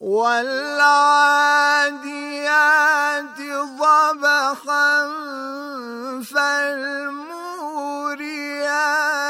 والعاديات ضبخا فالموريات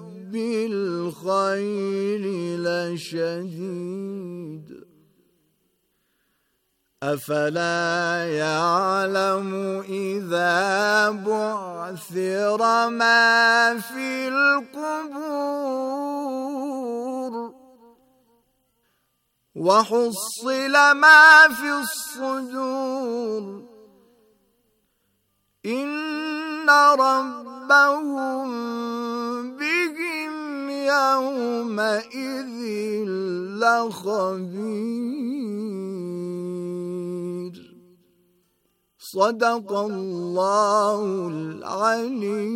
بالخير لشديد أفلا يعلم إذا بعثر ما في القبور وحصل ما في الصدور إن ربهم بهم يومئذ لخبير صدق الله العلي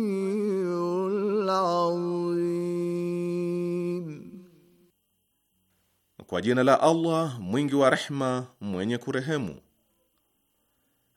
العظيم Kwa jina la Allah mwingi wa rehma mwenye kurehemu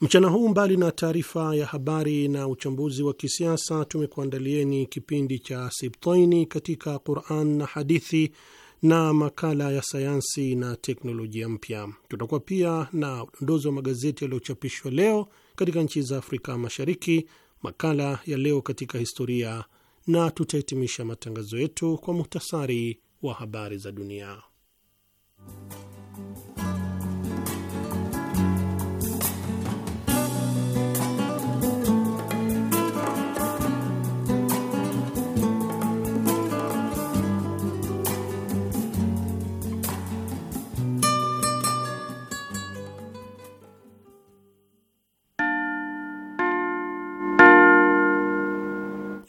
Mchana huu mbali na taarifa ya habari na uchambuzi wa kisiasa, tumekuandalieni kipindi cha Sibtoini katika Quran na hadithi na makala ya sayansi na teknolojia mpya. Tutakuwa pia na udondozi wa magazeti yaliyochapishwa leo katika nchi za Afrika Mashariki, makala ya leo katika historia, na tutahitimisha matangazo yetu kwa muhtasari wa habari za dunia.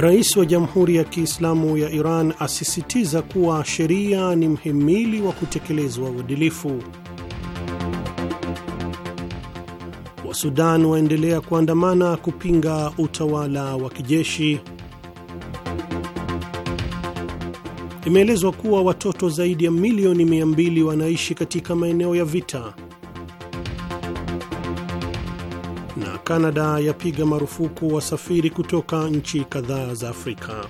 Rais wa Jamhuri ya Kiislamu ya Iran asisitiza kuwa sheria ni mhimili wa kutekelezwa uadilifu. Wasudan waendelea kuandamana kupinga utawala wa kijeshi. Imeelezwa kuwa watoto zaidi ya milioni 200 wanaishi katika maeneo ya vita Kanada yapiga marufuku wasafiri kutoka nchi kadhaa za Afrika.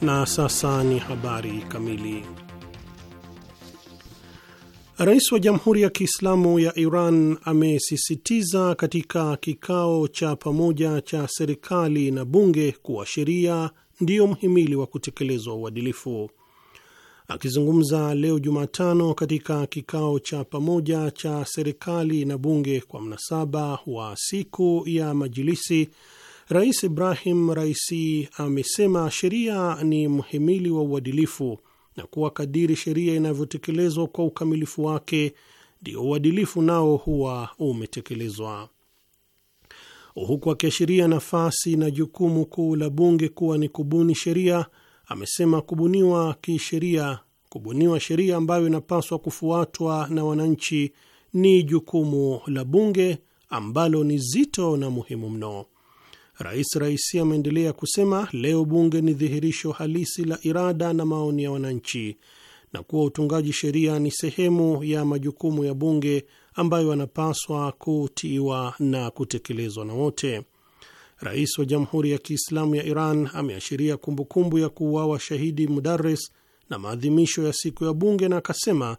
Na sasa ni habari kamili. Rais wa Jamhuri ya Kiislamu ya Iran amesisitiza katika kikao cha pamoja cha serikali na bunge kuwa sheria ndiyo mhimili wa kutekelezwa uadilifu. Akizungumza leo Jumatano katika kikao cha pamoja cha serikali na bunge kwa mnasaba wa siku ya Majilisi, Rais Ibrahim Raisi amesema sheria ni mhimili wa uadilifu na kuwa kadiri sheria inavyotekelezwa kwa ukamilifu wake ndio uadilifu nao huwa umetekelezwa, huku akiashiria nafasi na jukumu kuu la bunge kuwa ni kubuni sheria amesema kubuniwa kisheria, kubuniwa sheria ambayo inapaswa kufuatwa na wananchi ni jukumu la bunge ambalo ni zito na muhimu mno. Rais Raisi ameendelea kusema leo bunge ni dhihirisho halisi la irada na maoni ya wananchi na kuwa utungaji sheria ni sehemu ya majukumu ya bunge ambayo yanapaswa kutiiwa na kutekelezwa na wote. Rais wa Jamhuri ya Kiislamu ya Iran ameashiria kumbukumbu ya kuuawa shahidi Mudares na maadhimisho ya siku ya Bunge, na akasema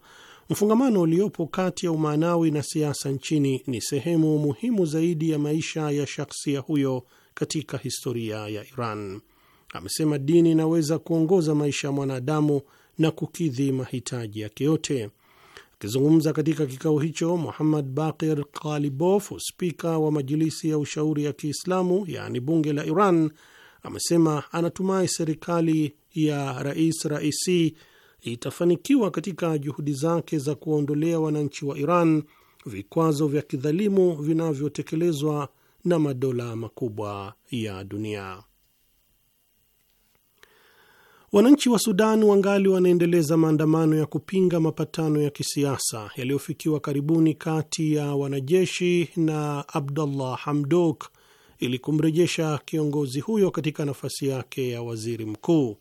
mfungamano uliopo kati ya umaanawi na siasa nchini ni sehemu muhimu zaidi ya maisha ya shakhsia huyo katika historia ya Iran. Amesema dini inaweza kuongoza maisha ya mwanadamu na kukidhi mahitaji yake yote. Akizungumza katika kikao hicho, Muhammad Bakir Kalibof, spika wa Majilisi ya Ushauri ya Kiislamu, yaani bunge la Iran, amesema anatumai serikali ya Rais Raisi itafanikiwa katika juhudi zake za kuwaondolea wananchi wa Iran vikwazo vya kidhalimu vinavyotekelezwa na madola makubwa ya dunia. Wananchi wa Sudan wangali wanaendeleza maandamano ya kupinga mapatano ya kisiasa yaliyofikiwa karibuni kati ya wanajeshi na Abdullah Hamdok ili kumrejesha kiongozi huyo katika nafasi yake ya waziri mkuu.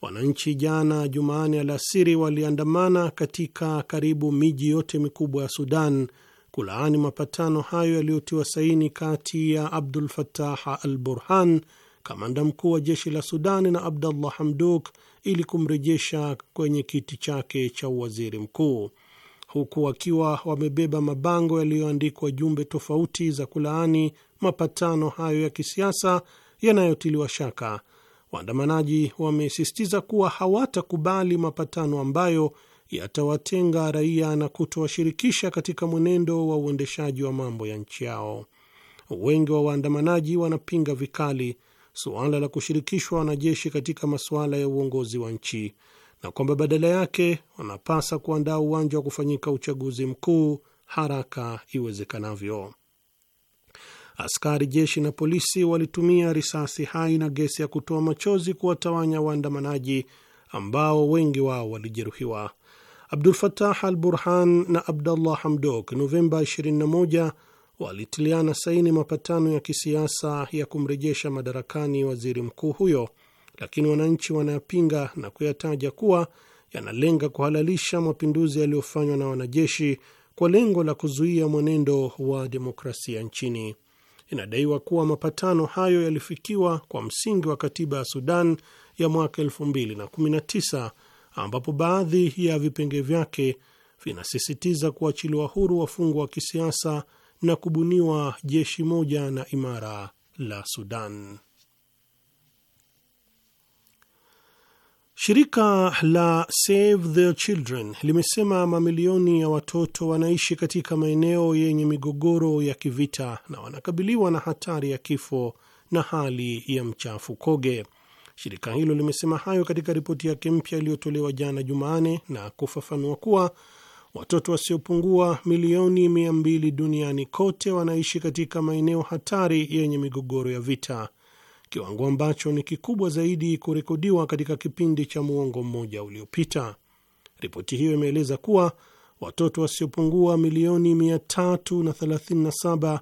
Wananchi jana Jumanne alasiri waliandamana katika karibu miji yote mikubwa ya Sudan kulaani mapatano hayo yaliyotiwa saini kati ya Abdul fatah al Burhan kamanda mkuu wa jeshi la Sudani na Abdallah Hamduk ili kumrejesha kwenye kiti chake cha uwaziri mkuu, huku wakiwa wamebeba mabango yaliyoandikwa jumbe tofauti za kulaani mapatano hayo ya kisiasa yanayotiliwa shaka. Waandamanaji wamesisitiza kuwa hawatakubali mapatano ambayo yatawatenga raia na kutowashirikisha katika mwenendo wa uendeshaji wa mambo ya nchi yao. Wengi wa waandamanaji wanapinga vikali suala la kushirikishwa wanajeshi katika masuala ya uongozi wa nchi na kwamba badala yake wanapasa kuandaa uwanja wa kufanyika uchaguzi mkuu haraka iwezekanavyo. Askari jeshi na polisi walitumia risasi hai na gesi ya kutoa machozi kuwatawanya waandamanaji ambao wengi wao walijeruhiwa. Abdul Fatah al Burhan na abdullah Hamdok Novemba 21 walitiliana saini mapatano ya kisiasa ya kumrejesha madarakani waziri mkuu huyo, lakini wananchi wanayapinga na kuyataja kuwa yanalenga kuhalalisha mapinduzi yaliyofanywa na wanajeshi kwa lengo la kuzuia mwenendo wa demokrasia nchini. Inadaiwa kuwa mapatano hayo yalifikiwa kwa msingi wa katiba ya Sudan ya mwaka 2019 ambapo baadhi ya vipenge vyake vinasisitiza kuachiliwa huru wafungwa wa kisiasa na kubuniwa jeshi moja na imara la Sudan. Shirika la Save the Children limesema mamilioni ya watoto wanaishi katika maeneo yenye migogoro ya kivita na wanakabiliwa na hatari ya kifo na hali ya mchafu koge Shirika hilo limesema hayo katika ripoti yake mpya iliyotolewa jana Jumanne na kufafanua kuwa Watoto wasiopungua milioni mia mbili duniani kote wanaishi katika maeneo hatari yenye migogoro ya vita, kiwango ambacho ni kikubwa zaidi kurekodiwa katika kipindi cha muongo mmoja uliopita. Ripoti hiyo imeeleza kuwa watoto wasiopungua milioni 337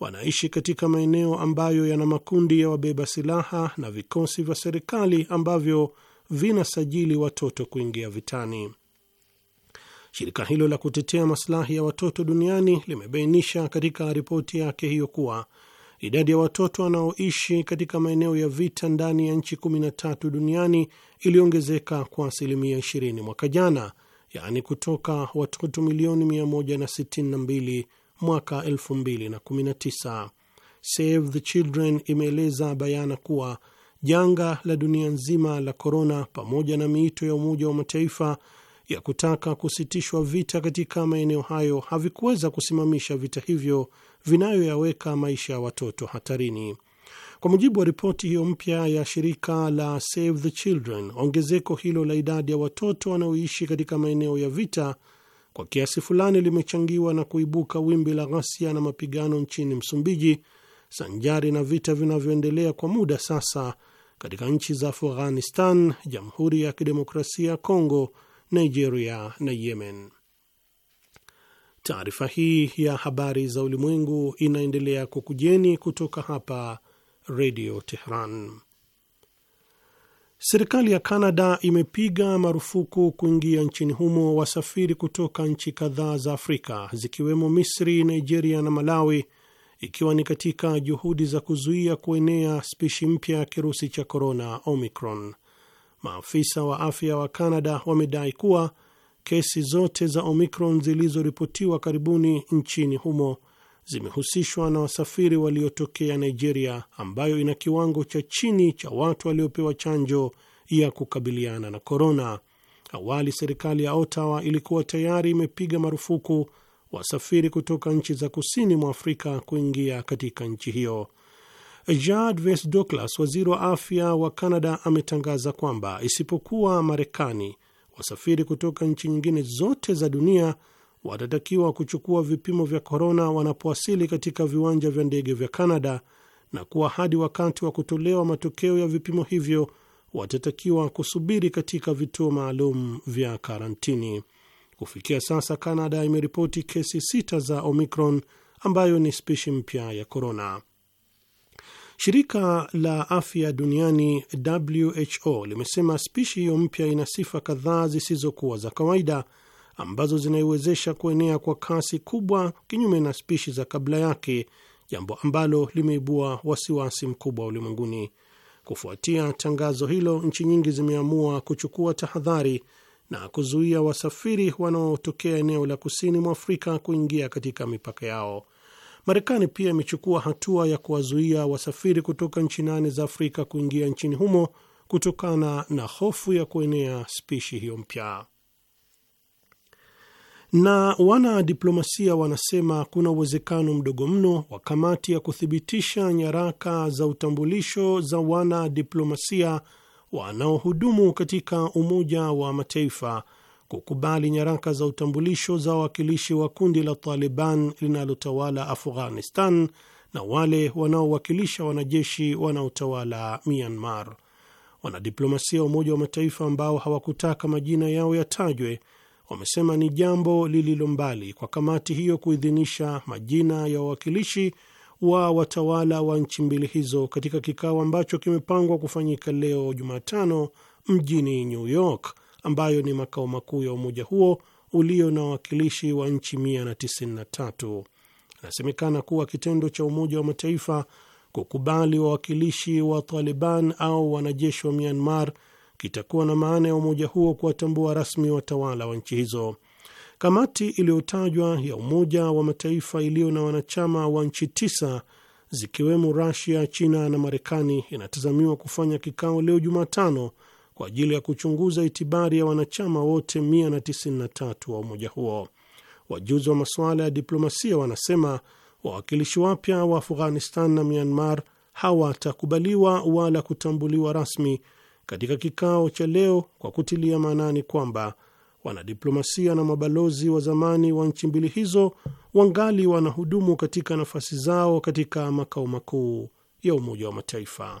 wanaishi katika maeneo ambayo yana makundi ya wabeba silaha na vikosi vya serikali ambavyo vinasajili watoto kuingia vitani. Shirika hilo la kutetea maslahi ya watoto duniani limebainisha katika ripoti yake hiyo kuwa idadi ya watoto wanaoishi katika maeneo ya vita ndani ya nchi 13 duniani iliongezeka kwa asilimia 20 mwaka jana, yaani kutoka watoto milioni 162 mwaka 2019. Save the Children imeeleza bayana kuwa janga la dunia nzima la korona, pamoja na miito ya Umoja wa Mataifa ya kutaka kusitishwa vita katika maeneo hayo havikuweza kusimamisha vita hivyo vinayoyaweka maisha ya watoto hatarini. Kwa mujibu wa ripoti hiyo mpya ya shirika la Save the Children, ongezeko hilo la idadi ya watoto wanaoishi katika maeneo ya vita kwa kiasi fulani limechangiwa na kuibuka wimbi la ghasia na mapigano nchini Msumbiji, sanjari na vita vinavyoendelea kwa muda sasa katika nchi za Afghanistan, Jamhuri ya Kidemokrasia ya Kongo Nigeria na Yemen. Taarifa hii ya habari za ulimwengu inaendelea kukujeni kutoka hapa Redio Tehran. Serikali ya Kanada imepiga marufuku kuingia nchini humo wasafiri kutoka nchi kadhaa za Afrika zikiwemo Misri, Nigeria na Malawi, ikiwa ni katika juhudi za kuzuia kuenea spishi mpya ya kirusi cha korona Omicron. Maafisa wa afya wa canada wamedai kuwa kesi zote za Omicron zilizoripotiwa karibuni nchini humo zimehusishwa na wasafiri waliotokea Nigeria, ambayo ina kiwango cha chini cha watu waliopewa chanjo ya kukabiliana na korona. Awali serikali ya Ottawa ilikuwa tayari imepiga marufuku wasafiri kutoka nchi za kusini mwa Afrika kuingia katika nchi hiyo. Jad Ves Douglas, waziri wa afya wa canada ametangaza kwamba isipokuwa Marekani, wasafiri kutoka nchi nyingine zote za dunia watatakiwa kuchukua vipimo vya korona wanapowasili katika viwanja vya ndege vya canada na kuwa hadi wakati wa kutolewa matokeo ya vipimo hivyo watatakiwa kusubiri katika vituo maalum vya karantini. Kufikia sasa, canada imeripoti kesi sita za Omicron ambayo ni spishi mpya ya korona. Shirika la afya duniani WHO limesema spishi hiyo mpya ina sifa kadhaa zisizokuwa za kawaida ambazo zinaiwezesha kuenea kwa kasi kubwa, kinyume na spishi za kabla yake, jambo ambalo limeibua wasiwasi mkubwa ulimwenguni. Kufuatia tangazo hilo, nchi nyingi zimeamua kuchukua tahadhari na kuzuia wasafiri wanaotokea eneo la kusini mwa Afrika kuingia katika mipaka yao. Marekani pia imechukua hatua ya kuwazuia wasafiri kutoka nchi nane za Afrika kuingia nchini humo kutokana na hofu ya kuenea spishi hiyo mpya. Na wanadiplomasia wanasema kuna uwezekano mdogo mno wa kamati ya kuthibitisha nyaraka za utambulisho za wanadiplomasia wanaohudumu katika Umoja wa Mataifa kukubali nyaraka za utambulisho za wawakilishi wa kundi la Taliban linalotawala Afghanistan na wale wanaowakilisha wanajeshi wanaotawala Myanmar. Wanadiplomasia wa Umoja wa Mataifa ambao hawakutaka majina yao yatajwe wamesema ni jambo lililo mbali kwa kamati hiyo kuidhinisha majina ya wawakilishi wa watawala wa nchi mbili hizo katika kikao ambacho kimepangwa kufanyika leo Jumatano mjini New York ambayo ni makao makuu ya umoja huo ulio na wawakilishi wa nchi 193. Inasemekana kuwa kitendo cha Umoja wa Mataifa kukubali wawakilishi wa Taliban au wanajeshi wa Myanmar kitakuwa na maana ya umoja huo kuwatambua rasmi watawala wa nchi hizo. Kamati iliyotajwa ya Umoja wa Mataifa iliyo na wanachama wa nchi tisa zikiwemo Rusia, China na Marekani inatazamiwa kufanya kikao leo Jumatano kwa ajili ya kuchunguza itibari ya wanachama wote 193 wa umoja huo. Wajuzi wa masuala ya diplomasia wanasema wawakilishi wapya wa Afghanistan na Myanmar hawatakubaliwa wala kutambuliwa rasmi katika kikao cha leo, kwa kutilia maanani kwamba wanadiplomasia na mabalozi wa zamani wa nchi mbili hizo wangali wanahudumu katika nafasi zao katika makao makuu ya Umoja wa Mataifa.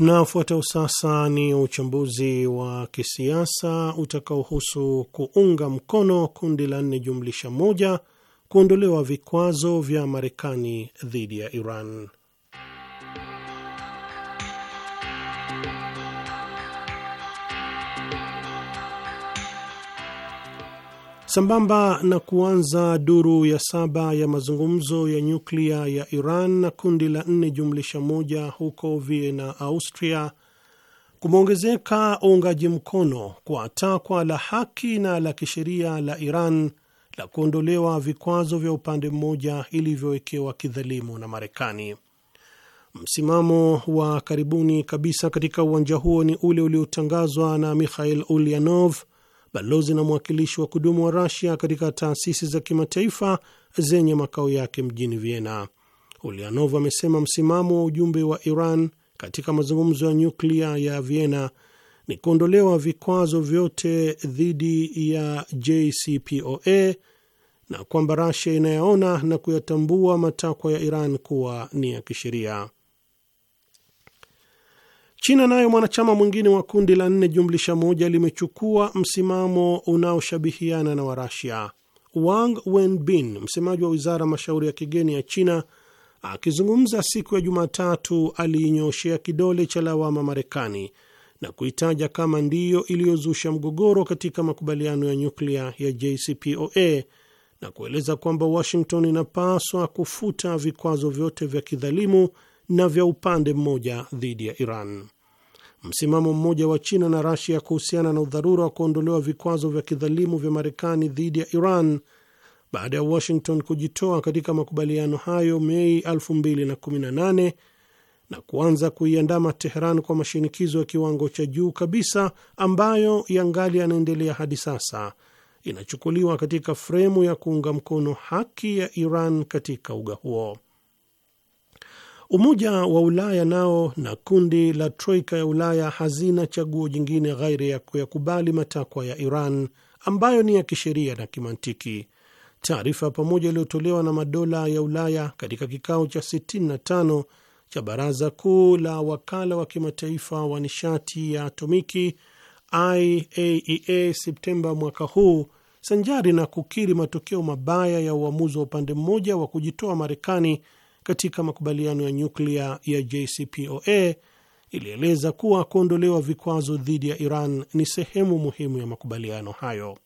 Na ufuatao sasa ni uchambuzi wa kisiasa utakaohusu kuunga mkono kundi la nne jumlisha moja kuondolewa vikwazo vya Marekani dhidi ya Iran. sambamba na kuanza duru ya saba ya mazungumzo ya nyuklia ya Iran na kundi la nne jumlisha moja huko Vienna, Austria, kumeongezeka uungaji mkono kwa takwa la haki na la kisheria la Iran la kuondolewa vikwazo vya upande mmoja ilivyowekewa kidhalimu na Marekani. Msimamo wa karibuni kabisa katika uwanja huo ni ule uliotangazwa na Mikhail Ulyanov, balozi na mwakilishi wa kudumu wa Rasia katika taasisi za kimataifa zenye makao yake mjini Vienna. Ulianov amesema msimamo wa ujumbe wa Iran katika mazungumzo ya nyuklia ya Vienna ni kuondolewa vikwazo vyote dhidi ya JCPOA na kwamba Rasia inayaona na kuyatambua matakwa ya Iran kuwa ni ya kisheria. China nayo mwanachama mwingine wa kundi la nne jumlisha moja limechukua msimamo unaoshabihiana na Warasia. Wang Wenbin, msemaji wa wizara mashauri ya kigeni ya China, akizungumza siku ya Jumatatu, aliinyoshea kidole cha lawama Marekani na kuitaja kama ndiyo iliyozusha mgogoro katika makubaliano ya nyuklia ya JCPOA na kueleza kwamba Washington inapaswa kufuta vikwazo vyote vya kidhalimu na vya upande mmoja dhidi ya Iran. Msimamo mmoja wa China na Rasia kuhusiana na udharura wa kuondolewa vikwazo vya kidhalimu vya Marekani dhidi ya Iran baada ya Washington kujitoa katika makubaliano hayo Mei 2018 na kuanza kuiandama Teheran kwa mashinikizo ya kiwango cha juu kabisa ambayo yangali yanaendelea hadi sasa, inachukuliwa katika fremu ya kuunga mkono haki ya Iran katika uga huo. Umoja wa Ulaya nao na kundi la Troika ya Ulaya hazina chaguo jingine ghairi ya kuyakubali matakwa ya Iran ambayo ni ya kisheria na kimantiki. Taarifa pamoja iliyotolewa na madola ya Ulaya katika kikao cha 65 cha Baraza Kuu la Wakala wa Kimataifa wa Nishati ya Atomiki IAEA e Septemba mwaka huu, sanjari na kukiri matokeo mabaya ya uamuzi wa upande mmoja wa kujitoa Marekani katika makubaliano ya nyuklia ya JCPOA ilieleza kuwa kuondolewa vikwazo dhidi ya Iran ni sehemu muhimu ya makubaliano hayo.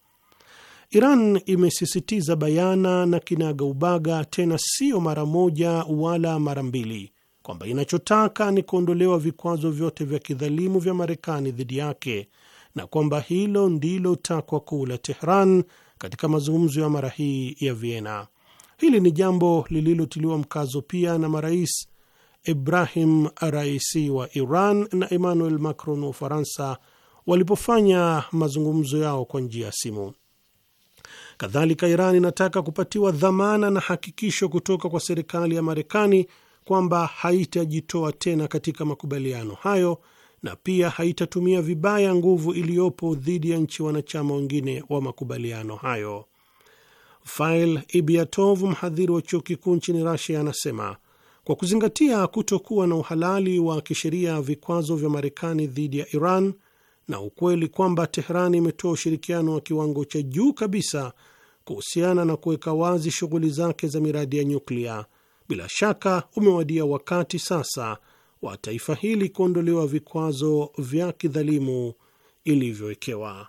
Iran imesisitiza bayana na kinaga ubaga, tena sio mara moja wala mara mbili, kwamba inachotaka ni kuondolewa vikwazo vyote vya kidhalimu vya Marekani dhidi yake na kwamba hilo ndilo takwa kuu la Tehran katika mazungumzo ya mara hii ya Vienna. Hili ni jambo lililotiliwa mkazo pia na marais Ibrahim Raisi wa Iran na Emmanuel Macron wa Ufaransa walipofanya mazungumzo yao kwa njia ya simu. Kadhalika, Iran inataka kupatiwa dhamana na hakikisho kutoka kwa serikali ya Marekani kwamba haitajitoa tena katika makubaliano hayo na pia haitatumia vibaya nguvu iliyopo dhidi ya nchi wanachama wengine wa makubaliano hayo. Fail Ibiatov, mhadhiri wa chuo kikuu nchini Rasia, anasema kwa kuzingatia kutokuwa na uhalali wa kisheria vikwazo vya Marekani dhidi ya Iran na ukweli kwamba Teherani imetoa ushirikiano wa kiwango cha juu kabisa kuhusiana na kuweka wazi shughuli zake za miradi ya nyuklia, bila shaka umewadia wakati sasa wa taifa hili kuondolewa vikwazo vya kidhalimu ilivyowekewa.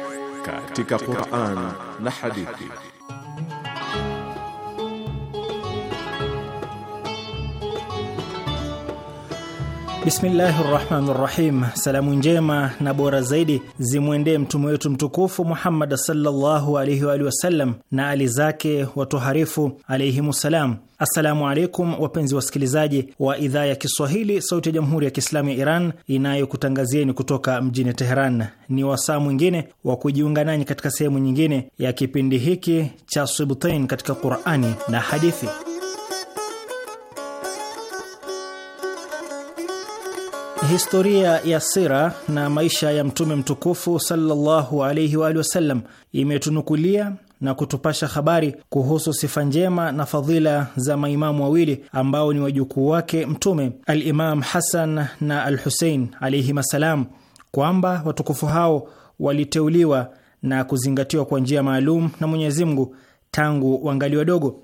katika Qur'an na hadithi. Bismillahi rahmani rahim. Salamu njema na bora zaidi zimwendee mtume wetu mtukufu Muhammad sallallahu alaihi wa alihi wasallam na ali zake watoharifu alaihimussalam. Assalamu alaikum wapenzi wasikilizaji wa idhaa ya Kiswahili sauti ya jamhuri ya Kiislamu ya Iran inayokutangazieni kutoka mjini Teheran. Ni wasaa mwingine wa kujiunga nanyi katika sehemu nyingine ya kipindi hiki cha Sibtain katika Qurani na Hadithi. Historia ya sira na maisha ya mtume mtukufu sallallahu alaihi wa alihi wasallam imetunukulia na kutupasha habari kuhusu sifa njema na fadhila za maimamu wawili ambao ni wajukuu wake mtume Alimam Hasan na Al-Husein alaihim assalam, kwamba watukufu hao waliteuliwa na kuzingatiwa kwa njia maalum na Mwenyezi Mungu tangu wangali wadogo.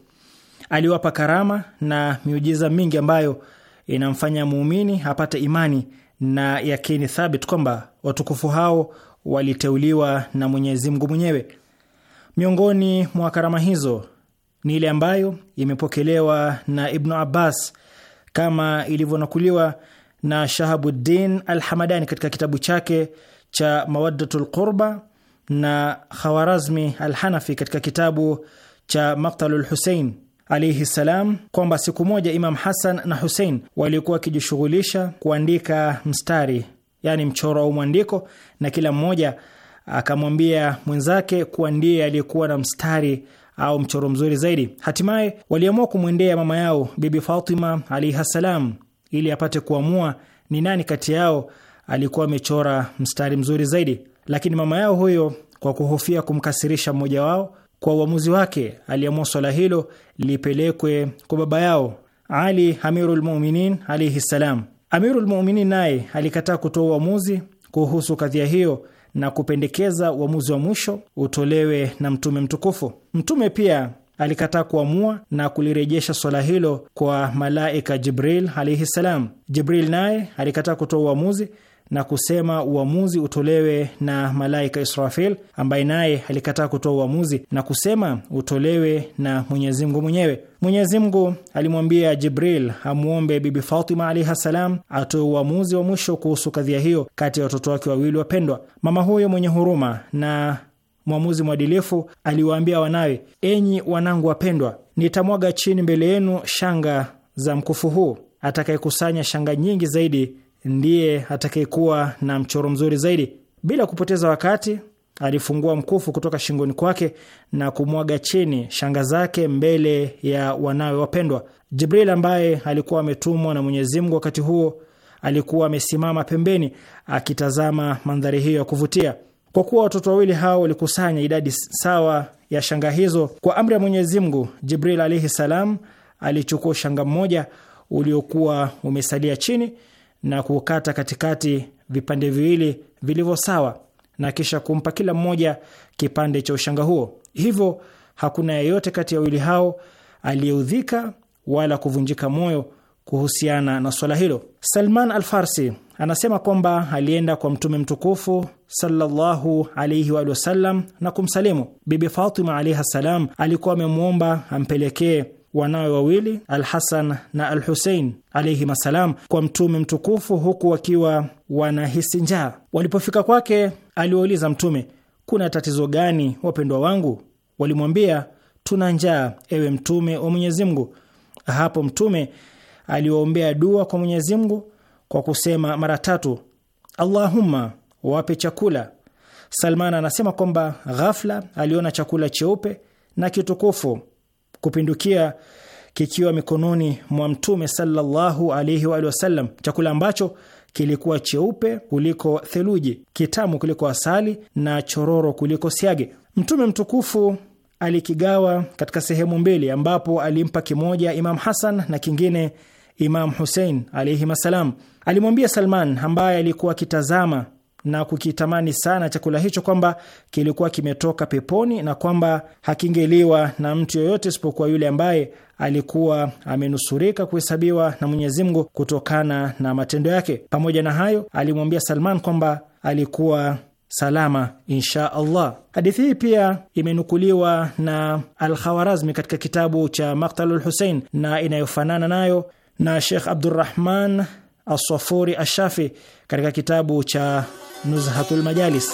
Aliwapa karama na miujiza mingi ambayo inamfanya muumini apate imani na yakini thabit kwamba watukufu hao waliteuliwa na Mwenyezi Mungu mwenyewe. Miongoni mwa karama hizo ni ile ambayo imepokelewa na Ibnu Abbas kama ilivyonakuliwa na Shahabuddin Alhamadani katika kitabu chake cha Mawaddatu Lqurba na Khawarazmi Alhanafi katika kitabu cha Maktalu Lhusein alaihi kwamba siku moja Imam Hasan na Husein walikuwa wakijishughulisha kuandika mstari, yani mchoro au mwandiko, na kila mmoja akamwambia mwenzake kuwa ndiye aliyekuwa na mstari au mchoro mzuri zaidi. Hatimaye waliamua kumwendea mama yao Bibi Fatima alaihi ili apate kuamua ni nani kati yao alikuwa amechora mstari mzuri zaidi, lakini mama yao huyo, kwa kuhofia kumkasirisha mmoja wao kwa uamuzi wake aliamua swala hilo lipelekwe kwa baba yao Ali amirulmuminin alaihi ssalam. Amirulmuminin naye alikataa kutoa uamuzi kuhusu kadhia hiyo na kupendekeza uamuzi wa mwisho utolewe na mtume mtukufu. Mtume pia alikataa kuamua na kulirejesha swala hilo kwa malaika Jibril alaihi ssalam. Jibril naye alikataa kutoa uamuzi na kusema uamuzi utolewe na malaika Israfil, ambaye naye alikataa kutoa uamuzi na kusema utolewe na Mwenyezi Mungu mwenyewe. Mwenyezi Mungu alimwambia Jibril amwombe Bibi Fatima alaihi ssalam atoe uamuzi wa mwisho kuhusu kadhia hiyo kati ya watoto wake wawili wapendwa. Mama huyo mwenye huruma na mwamuzi mwadilifu aliwaambia wanawe, enyi wanangu wapendwa, nitamwaga chini mbele yenu shanga za mkufu huu, atakayekusanya shanga nyingi zaidi ndiye atakayekuwa na mchoro mzuri zaidi. Bila kupoteza wakati, alifungua mkufu kutoka shingoni kwake na kumwaga chini shanga zake mbele ya wanawe wapendwa. Jibril ambaye alikuwa ametumwa na Mwenyezi Mungu wakati huo alikuwa amesimama pembeni akitazama mandhari hiyo ya kuvutia. Kwa kuwa watoto wawili hao walikusanya idadi sawa ya shanga hizo, kwa amri ya Mwenyezi Mungu, Jibril alaihi salam alichukua ushanga mmoja uliokuwa umesalia chini na kukata katikati vipande viwili vilivyo sawa na kisha kumpa kila mmoja kipande cha ushanga huo. Hivyo hakuna yeyote kati ya wawili hao aliyeudhika wala kuvunjika moyo kuhusiana na swala hilo. Salman al farsi anasema kwamba alienda kwa Mtume mtukufu sallallahu alaihi wa sallam na kumsalimu. Bibi Fatima alaihi salam alikuwa amemwomba ampelekee wanawe wawili Alhasan na Alhusein alaihim assalam kwa Mtume mtukufu huku wakiwa wanahisi njaa. Walipofika kwake, aliwauliza Mtume, kuna tatizo gani wapendwa wangu? Walimwambia, tuna njaa, ewe Mtume wa Mwenyezi Mungu. Hapo Mtume aliwaombea dua kwa Mwenyezi Mungu kwa kusema mara tatu, Allahumma wape chakula. Salmana anasema kwamba ghafla aliona chakula cheupe na kitukufu kupindukia kikiwa mikononi mwa Mtume sallallahu alaihi wa wasallam, chakula ambacho kilikuwa cheupe kuliko theluji, kitamu kuliko asali na chororo kuliko siage. Mtume mtukufu alikigawa katika sehemu mbili, ambapo alimpa kimoja Imam Hasan na kingine Imam Husein alaihim assalam. Alimwambia Salman ambaye alikuwa akitazama na kukitamani sana chakula hicho kwamba kilikuwa kimetoka peponi na kwamba hakingeliwa na mtu yoyote isipokuwa yule ambaye alikuwa amenusurika kuhesabiwa na Mwenyezi Mungu kutokana na matendo yake. Pamoja na hayo, alimwambia Salman kwamba alikuwa salama insha Allah. Hadithi hii pia imenukuliwa na Al-Khawarazmi katika kitabu cha Maktalul Husein na inayofanana nayo na shekh Abdurrahman Aswafuri Ashafi katika kitabu cha Nuzhatul Majalis.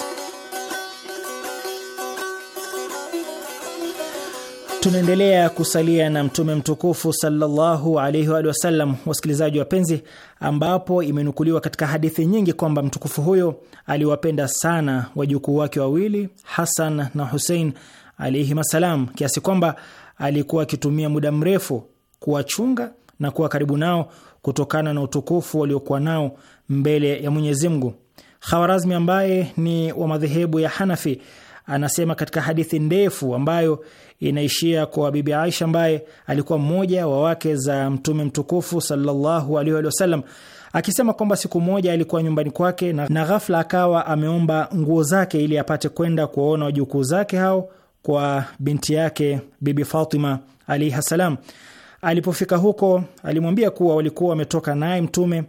Tunaendelea kusalia na Mtume mtukufu sallallahu alaihi wa sallam, wasikilizaji wapenzi, ambapo imenukuliwa katika hadithi nyingi kwamba mtukufu huyo aliwapenda sana wajukuu wake wawili Hasan na Husein alaihim assalam, kiasi kwamba alikuwa akitumia muda mrefu kuwachunga na kuwa karibu nao kutokana na utukufu waliokuwa nao mbele ya Mwenyezi Mungu. Khawarazmi ambaye ni wa madhehebu ya Hanafi anasema katika hadithi ndefu ambayo inaishia kwa Bibi Aisha ambaye alikuwa mmoja wa wake za Mtume mtukufu sallallahu alaihi wasallam akisema kwamba siku moja alikuwa nyumbani kwake na, na ghafla akawa ameomba nguo zake ili apate kwenda kuwaona wajukuu zake hao kwa binti yake Bibi Fatima alaihi salam. Alipofika huko alimwambia kuwa walikuwa wametoka naye Mtume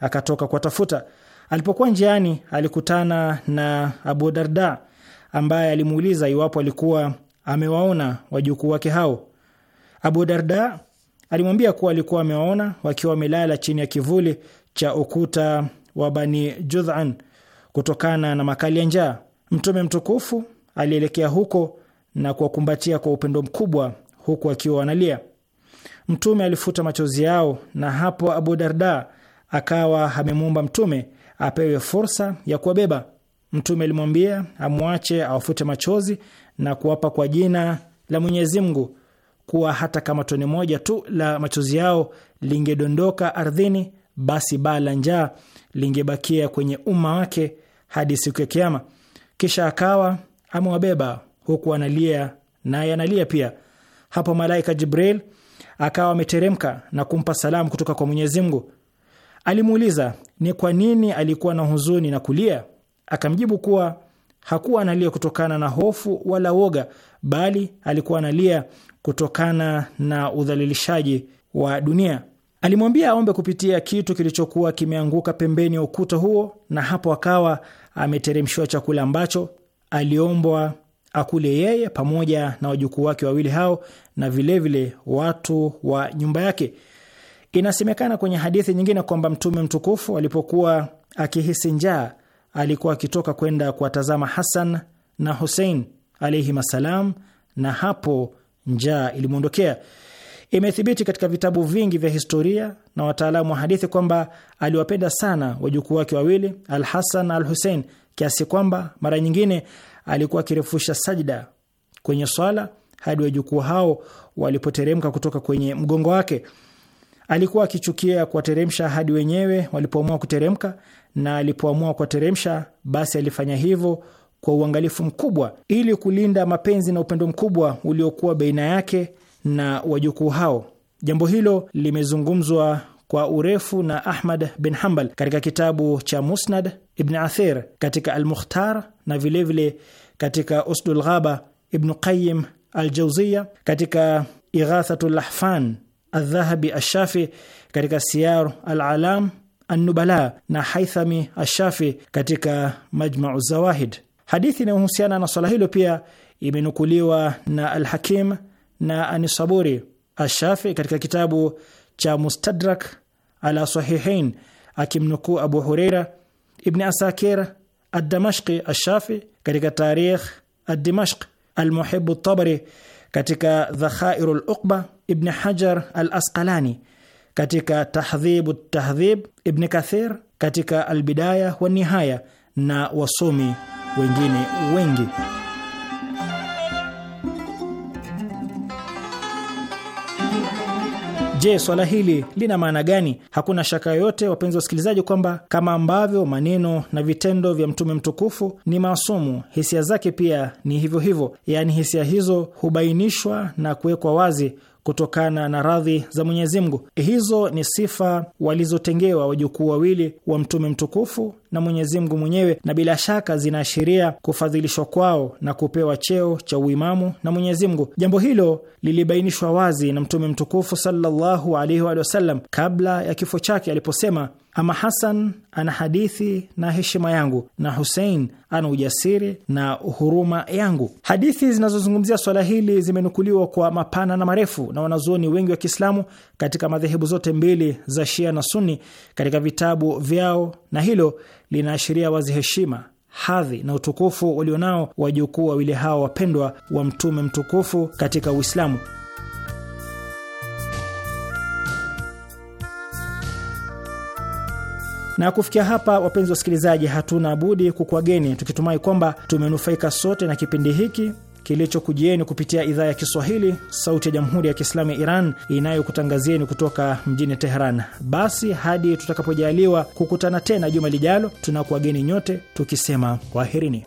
akatoka kuwatafuta. Alipokuwa njiani, alikutana na Abu Darda ambaye alimuuliza iwapo alikuwa amewaona wajukuu wake hao. Abu Darda alimwambia kuwa alikuwa amewaona wakiwa wamelala chini ya kivuli cha ukuta wa Bani Judhan kutokana na makali ya njaa. Mtume mtukufu alielekea huko na kuwakumbatia kwa upendo mkubwa huku akiwa wanalia. Mtume alifuta machozi yao, na hapo Abu Darda akawa amemwomba Mtume apewe fursa ya kuwabeba. Mtume alimwambia amwache awafute machozi na kuwapa kwa jina la Mwenyezi Mungu kuwa hata kama tone moja tu la machozi yao lingedondoka ardhini, basi baa la njaa lingebakia kwenye umma wake hadi siku ya Kiama. Kisha akawa amewabeba huku analia naye analia pia. Hapo malaika Jibril akawa ameteremka na kumpa salamu kutoka kwa Mwenyezi Mungu. Alimuuliza ni kwa nini alikuwa na huzuni na kulia. Akamjibu kuwa hakuwa analia kutokana na hofu wala woga, bali alikuwa analia kutokana na udhalilishaji wa dunia. Alimwambia aombe kupitia kitu kilichokuwa kimeanguka pembeni ya ukuta huo, na hapo akawa ameteremshiwa chakula ambacho aliombwa akule yeye pamoja na wajukuu wake wawili hao na vilevile vile watu wa nyumba yake. Inasemekana kwenye hadithi nyingine kwamba Mtume mtukufu alipokuwa akihisi njaa alikuwa akitoka kwenda kuwatazama Hasan na Husein alaihim assalam, na hapo njaa ilimwondokea. Imethibiti katika vitabu vingi vya historia na wataalamu wa hadithi kwamba aliwapenda sana wajukuu wake wawili Al Hasan na Al Husein, kiasi kwamba mara nyingine alikuwa akirefusha sajda kwenye swala hadi wajukuu hao walipoteremka kutoka kwenye mgongo wake. Alikuwa akichukia kuwateremsha hadi wenyewe walipoamua kuteremka, na alipoamua kuwateremsha, basi alifanya hivyo kwa uangalifu mkubwa ili kulinda mapenzi na upendo mkubwa uliokuwa baina yake na wajukuu hao. Jambo hilo limezungumzwa kwa urefu na Ahmad bin hambal katika kitabu cha Musnad, Ibn Athir katika almukhtar na vilevile vile katika Usdul Ghaba, Ibnu Qayim aljauziya katika Ighathatu Lahfan Aldhahabi Ashafi katika Siyaru Alalam Annubala na Haithami Ashafi katika Majmau Zawahid. Hadithi inayohusiana na swala hilo pia imenukuliwa na Alhakim na Anisaburi Ashafi katika kitabu cha Mustadrak ala Sahihain akimnukuu Abu Hureira. Ibni Asakir Addamashqi Ashafi katika Tarikh Addimashq, Almuhibu Tabari katika Dhakhairu Luqba Ibn Hajar al Asqalani katika Tahdhibu Tahdhib, Ibni Kathir katika Albidaya wa Nihaya na wasomi wengine wengi. Je, swala hili lina maana gani? Hakuna shaka yoyote, wapenzi wasikilizaji, kwamba kama ambavyo maneno na vitendo vya mtume mtukufu ni maasumu, hisia zake pia ni hivyo hivyo, yaani hisia hizo hubainishwa na kuwekwa wazi kutokana na radhi za Mwenyezi Mungu. Hizo ni sifa walizotengewa wajukuu wawili wa Mtume mtukufu na Mwenyezi Mungu mwenyewe, na bila shaka zinaashiria kufadhilishwa kwao na kupewa cheo cha uimamu na Mwenyezi Mungu. Jambo hilo lilibainishwa wazi na Mtume mtukufu sallallahu alaihi wa sallam kabla ya kifo chake aliposema ama Hasan ana hadithi na heshima yangu na Husein ana ujasiri na huruma yangu. Hadithi zinazozungumzia swala hili zimenukuliwa kwa mapana na marefu na wanazuoni wengi wa Kiislamu katika madhehebu zote mbili za Shia na Sunni katika vitabu vyao, na hilo linaashiria wazi heshima hadhi na utukufu walionao wajukuu wawili hawa wapendwa wa Mtume mtukufu katika Uislamu. Na kufikia hapa, wapenzi wasikilizaji, hatuna budi kukwageni tukitumai kwamba tumenufaika sote na kipindi hiki kilichokujieni kupitia idhaa ya Kiswahili sauti ya Jamhuri ya Kiislamu ya Iran inayokutangazieni kutoka mjini Teheran. Basi hadi tutakapojaliwa kukutana tena juma lijalo, tunakuwageni nyote tukisema kwaherini.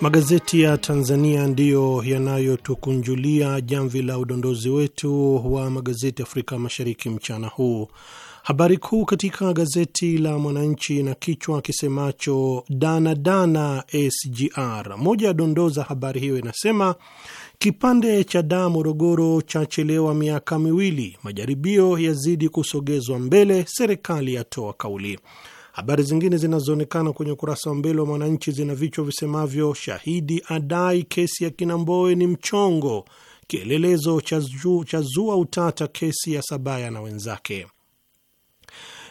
Magazeti ya Tanzania ndiyo yanayotukunjulia jamvi la udondozi wetu wa magazeti Afrika Mashariki mchana huu. Habari kuu katika gazeti la Mwananchi na kichwa kisemacho dana SGR. Moja ya dondoo za habari hiyo inasema kipande cha daa Morogoro chachelewa miaka miwili, majaribio yazidi kusogezwa mbele, serikali yatoa kauli. Habari zingine zinazoonekana kwenye ukurasa wa mbele wa Mwananchi zina vichwa visemavyo: shahidi adai kesi ya Kinamboe ni mchongo, kielelezo cha zua utata kesi ya Sabaya na wenzake,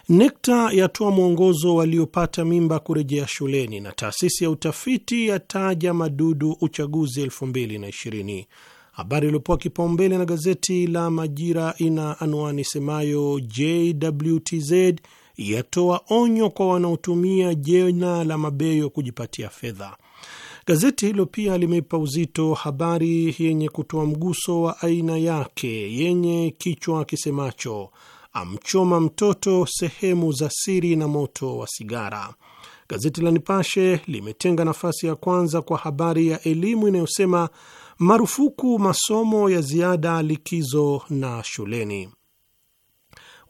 NECTA yatoa mwongozo waliopata mimba kurejea shuleni, na taasisi ya utafiti yataja madudu uchaguzi 2020. Habari iliyopewa kipaumbele na gazeti la Majira ina anwani semayo JWTZ yatoa onyo kwa wanaotumia jina la mabeyo kujipatia fedha. Gazeti hilo pia limeipa uzito habari yenye kutoa mguso wa aina yake yenye kichwa kisemacho amchoma mtoto sehemu za siri na moto wa sigara. Gazeti la Nipashe limetenga nafasi ya kwanza kwa habari ya elimu inayosema marufuku masomo ya ziada likizo na shuleni.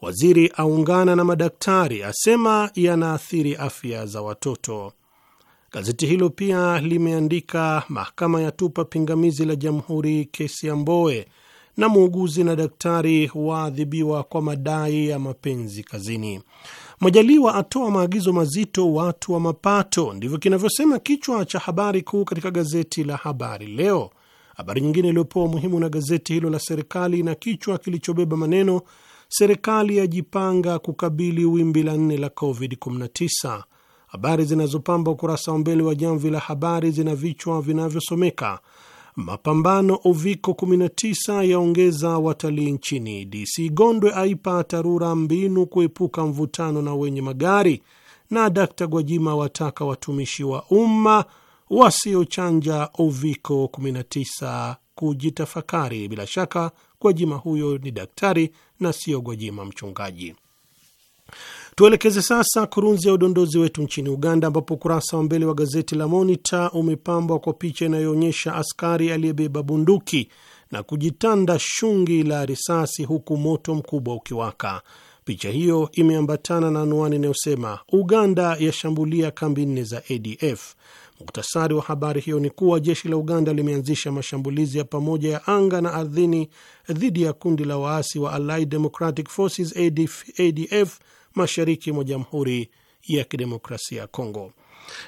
Waziri aungana na madaktari, asema yanaathiri afya za watoto. Gazeti hilo pia limeandika mahakama yatupa pingamizi la jamhuri kesi ya Mbowe, na muuguzi na daktari waadhibiwa kwa madai ya mapenzi kazini. Majaliwa atoa maagizo mazito watu wa mapato, ndivyo kinavyosema kichwa cha habari kuu katika gazeti la Habari Leo. Habari nyingine iliyopewa umuhimu na gazeti hilo la serikali na kichwa kilichobeba maneno serikali yajipanga kukabili wimbi la nne la COVID-19. Habari zinazopamba ukurasa wa mbele wa Jamvi la Habari zina vichwa vinavyosomeka mapambano Uviko 19 yaongeza watalii nchini, DC Gondwe aipa TARURA mbinu kuepuka mvutano na wenye magari, na Dkt Gwajima wataka watumishi wa umma wasiochanja Uviko 19 kujitafakari. Bila shaka Gwajima huyo ni daktari na sio Gwajima mchungaji. Tuelekeze sasa kurunzi ya udondozi wetu nchini Uganda, ambapo ukurasa wa mbele wa gazeti la monita umepambwa kwa picha inayoonyesha askari aliyebeba bunduki na kujitanda shungi la risasi huku moto mkubwa ukiwaka. Picha hiyo imeambatana na anwani inayosema Uganda yashambulia kambi nne za ADF. Muktasari wa habari hiyo ni kuwa jeshi la Uganda limeanzisha mashambulizi ya pamoja ya anga na ardhini dhidi ya kundi la waasi wa Allied Democratic Forces ADF, ADF mashariki mwa Jamhuri ya Kidemokrasia ya Kongo.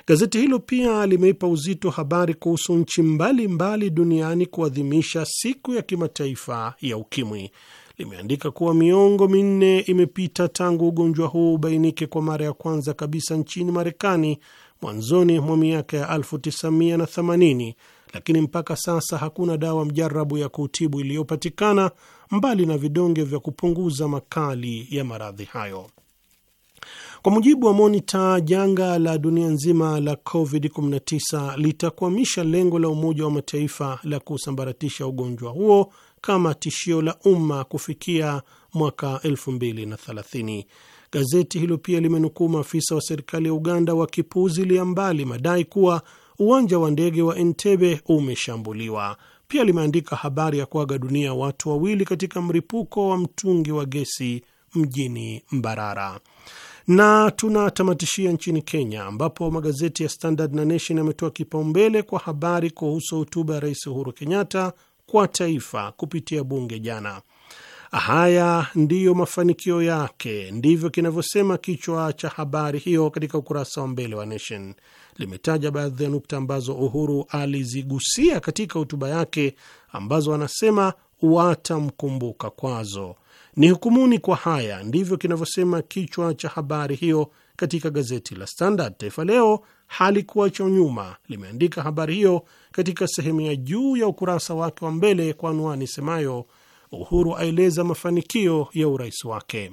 Gazeti hilo pia limeipa uzito habari kuhusu nchi mbalimbali duniani kuadhimisha siku ya kimataifa ya ukimwi. Limeandika kuwa miongo minne imepita tangu ugonjwa huu ubainike kwa mara ya kwanza kabisa nchini Marekani mwanzoni mwa miaka ya 1980 lakini mpaka sasa hakuna dawa mjarabu ya kutibu iliyopatikana mbali na vidonge vya kupunguza makali ya maradhi hayo. Kwa mujibu wa Monita, janga la dunia nzima la COVID-19 litakwamisha lengo la Umoja wa Mataifa la kusambaratisha ugonjwa huo kama tishio la umma kufikia mwaka 2030. Gazeti hilo pia limenukuu maafisa wa serikali ya Uganda wakipuuzilia mbali madai kuwa uwanja wa ndege wa Entebbe umeshambuliwa. Pia limeandika habari ya kuaga dunia watu wawili katika mripuko wa mtungi wa gesi mjini Mbarara. Na tunatamatishia nchini Kenya, ambapo magazeti ya Standard na Nation yametoa kipaumbele kwa habari kuhusu hotuba ya Rais Uhuru Kenyatta kwa taifa kupitia bunge jana. Haya ndiyo mafanikio yake, ndivyo kinavyosema kichwa cha habari hiyo katika ukurasa wa mbele wa Nation. Limetaja baadhi ya nukta ambazo Uhuru alizigusia katika hotuba yake ambazo anasema watamkumbuka kwazo. Ni hukumuni kwa haya, ndivyo kinavyosema kichwa cha habari hiyo katika gazeti la Standard. Taifa Leo halikuwacha nyuma, limeandika habari hiyo katika sehemu ya juu ya ukurasa wake wa mbele kwa anwani semayo Uhuru aeleza mafanikio ya urais wake.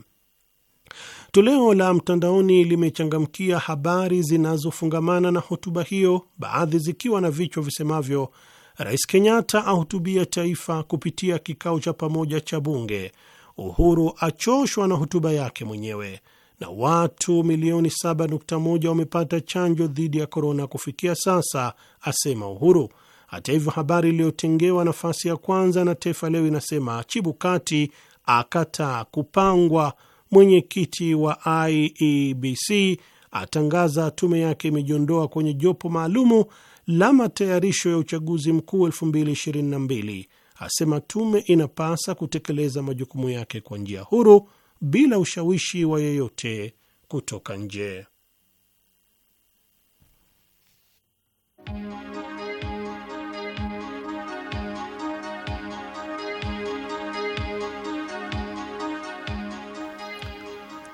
Toleo la mtandaoni limechangamkia habari zinazofungamana na hotuba hiyo, baadhi zikiwa na vichwa visemavyo: Rais Kenyatta ahutubia taifa kupitia kikao cha pamoja cha Bunge, Uhuru achoshwa na hotuba yake mwenyewe, na watu milioni 7.1 wamepata chanjo dhidi ya korona kufikia sasa, asema Uhuru. Hata hivyo, habari iliyotengewa nafasi ya kwanza na Taifa Leo inasema Chibukati akataa kupangwa, mwenyekiti wa IEBC atangaza tume yake imejiondoa kwenye jopo maalumu la matayarisho ya uchaguzi mkuu 2022. Asema tume inapasa kutekeleza majukumu yake kwa njia huru bila ushawishi wa yeyote kutoka nje.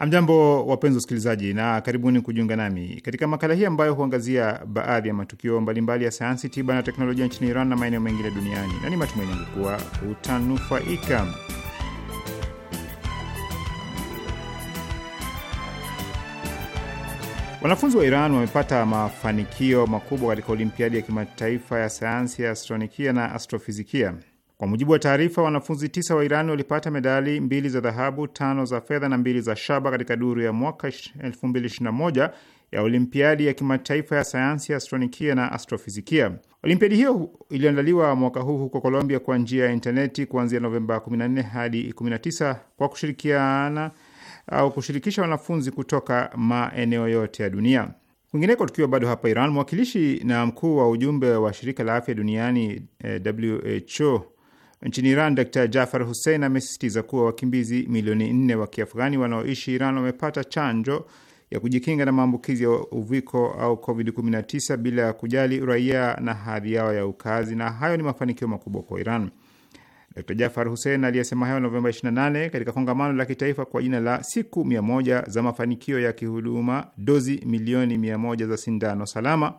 Hamjambo, wapenzi wasikilizaji, na karibuni kujiunga nami katika makala hii ambayo huangazia baadhi ya matukio mbalimbali mbali ya sayansi, tiba na teknolojia nchini Iran na maeneo mengine duniani, na ni matumaini yangu kuwa utanufaika. Wanafunzi wa Iran wamepata mafanikio makubwa katika Olimpiadi ya kimataifa ya sayansi ya astronikia na astrofizikia kwa mujibu wa taarifa, wanafunzi tisa wa Iran walipata medali mbili za dhahabu, tano za fedha na mbili za shaba katika duru ya mwaka 2021 ya Olimpiadi ya kimataifa ya sayansi ya astronikia na astrofizikia. Olimpiadi hiyo iliandaliwa mwaka huu huko Colombia kwa njia ya intaneti kuanzia Novemba 14 hadi 19 kwa kushirikiana au kushirikisha wanafunzi kutoka maeneo yote ya dunia. Kwingineko, tukiwa bado hapa Iran, mwakilishi na mkuu wa ujumbe wa shirika la afya duniani eh, WHO nchini Iran, Dr Jafar Hussein amesisitiza kuwa wakimbizi milioni nne wa Kiafghani wanaoishi Iran wamepata chanjo ya kujikinga na maambukizi ya uviko au COVID-19 bila ya kujali uraia na hadhi yao ya ukazi, na hayo ni mafanikio makubwa kwa Iran. Dr Jafar Hussein aliyesema hayo Novemba 28 katika kongamano la kitaifa kwa jina la siku 100 za mafanikio ya kihuduma, dozi milioni 100 za sindano salama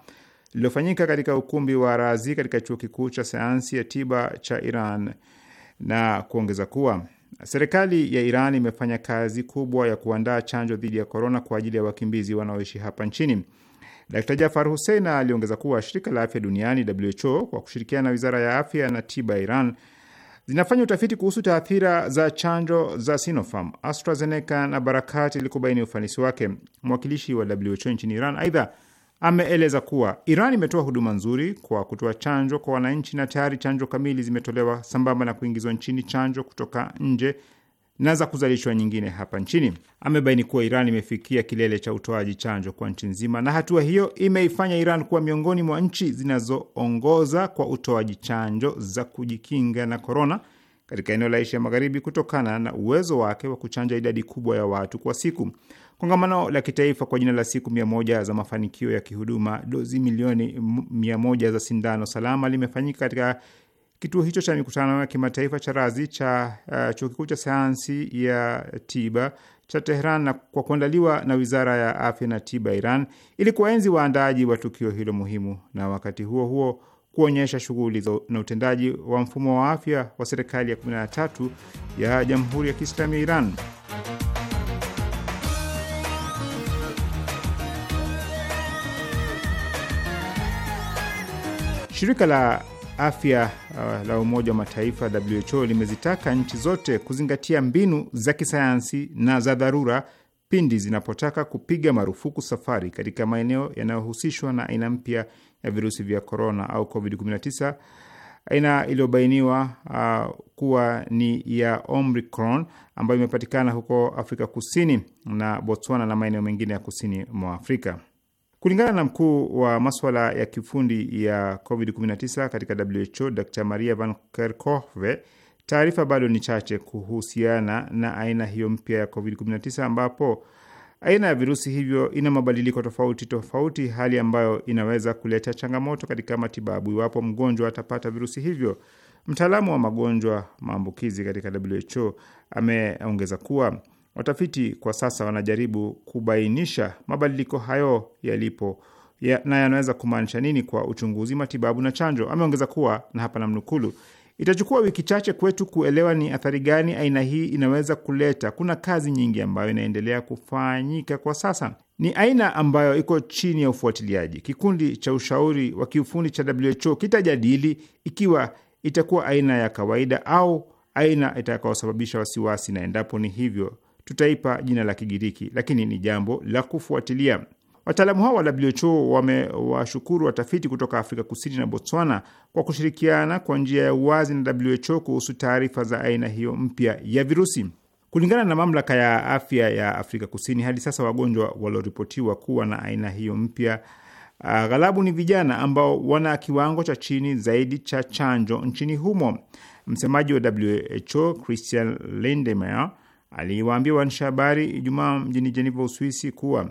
lililofanyika katika ukumbi wa Razi katika chuo kikuu cha sayansi ya tiba cha Iran na kuongeza kuwa serikali ya Iran imefanya kazi kubwa ya kuandaa chanjo dhidi ya korona kwa ajili ya wakimbizi wanaoishi hapa nchini. dr Jafar Hussein aliongeza kuwa shirika la afya duniani WHO kwa kushirikiana na wizara ya afya na tiba ya Iran zinafanya utafiti kuhusu taathira za chanjo za Sinopharm, AstraZeneca na Barakat ili kubaini ufanisi wake. Mwakilishi wa WHO nchini Iran aidha ameeleza kuwa Iran imetoa huduma nzuri kwa kutoa chanjo kwa wananchi na tayari chanjo kamili zimetolewa sambamba na kuingizwa nchini chanjo kutoka nje na za kuzalishwa nyingine hapa nchini. Amebaini kuwa Iran imefikia kilele cha utoaji chanjo kwa nchi nzima, na hatua hiyo imeifanya Iran kuwa miongoni mwa nchi zinazoongoza kwa utoaji chanjo za kujikinga na korona katika eneo la Asia Magharibi kutokana na uwezo wake wa kuchanja idadi kubwa ya watu kwa siku. Kongamano la kitaifa kwa jina la siku mia moja za mafanikio ya kihuduma, dozi milioni mia moja za sindano salama limefanyika katika kituo hicho cha mikutano ya kimataifa cha Razi cha uh, chuo kikuu cha sayansi ya tiba cha Tehran na kwa kuandaliwa na wizara ya afya na tiba Iran ili kuwaenzi waandaaji wa tukio hilo muhimu na wakati huo huo kuonyesha shughuli na utendaji wa mfumo wa afya wa serikali ya 13 ya Jamhuri ya Kiislamu ya Iran. Shirika la afya uh, la Umoja wa Mataifa WHO limezitaka nchi zote kuzingatia mbinu za kisayansi na za dharura pindi zinapotaka kupiga marufuku safari katika maeneo yanayohusishwa na aina mpya ya virusi vya korona au COVID-19, aina iliyobainiwa uh, kuwa ni ya Omicron ambayo imepatikana huko Afrika Kusini na Botswana na maeneo mengine ya kusini mwa Afrika. Kulingana na mkuu wa maswala ya kiufundi ya COVID-19 katika WHO Dr Maria Van Kerkhove, taarifa bado ni chache kuhusiana na aina hiyo mpya ya COVID-19 ambapo aina ya virusi hivyo ina mabadiliko tofauti tofauti, hali ambayo inaweza kuleta changamoto katika matibabu iwapo mgonjwa atapata virusi hivyo. Mtaalamu wa magonjwa maambukizi katika WHO ameongeza kuwa Watafiti kwa sasa wanajaribu kubainisha mabadiliko hayo yalipo ya, na yanaweza kumaanisha nini kwa uchunguzi, matibabu na chanjo. Ameongeza kuwa na hapa namnukulu, itachukua wiki chache kwetu kuelewa ni athari gani aina hii inaweza kuleta. Kuna kazi nyingi ambayo inaendelea kufanyika kwa sasa. Ni aina ambayo iko chini ya ufuatiliaji. Kikundi cha ushauri wa kiufundi cha WHO kitajadili ikiwa itakuwa aina ya kawaida au aina itakayosababisha wasiwasi, na endapo ni hivyo tutaipa jina la Kigiriki, lakini ni jambo la kufuatilia. Wataalamu hao wa WHO wamewashukuru watafiti kutoka Afrika Kusini na Botswana kwa kushirikiana kwa njia ya uwazi na WHO kuhusu taarifa za aina hiyo mpya ya virusi. Kulingana na mamlaka ya afya ya Afrika Kusini, hadi sasa wagonjwa walioripotiwa kuwa na aina hiyo mpya aghalabu ah, ni vijana ambao wana kiwango cha chini zaidi cha chanjo nchini humo. Msemaji wa WHO Christian Lindmeier aliwaambia waandishi habari Ijumaa mjini Jeneva, Uswisi, kuwa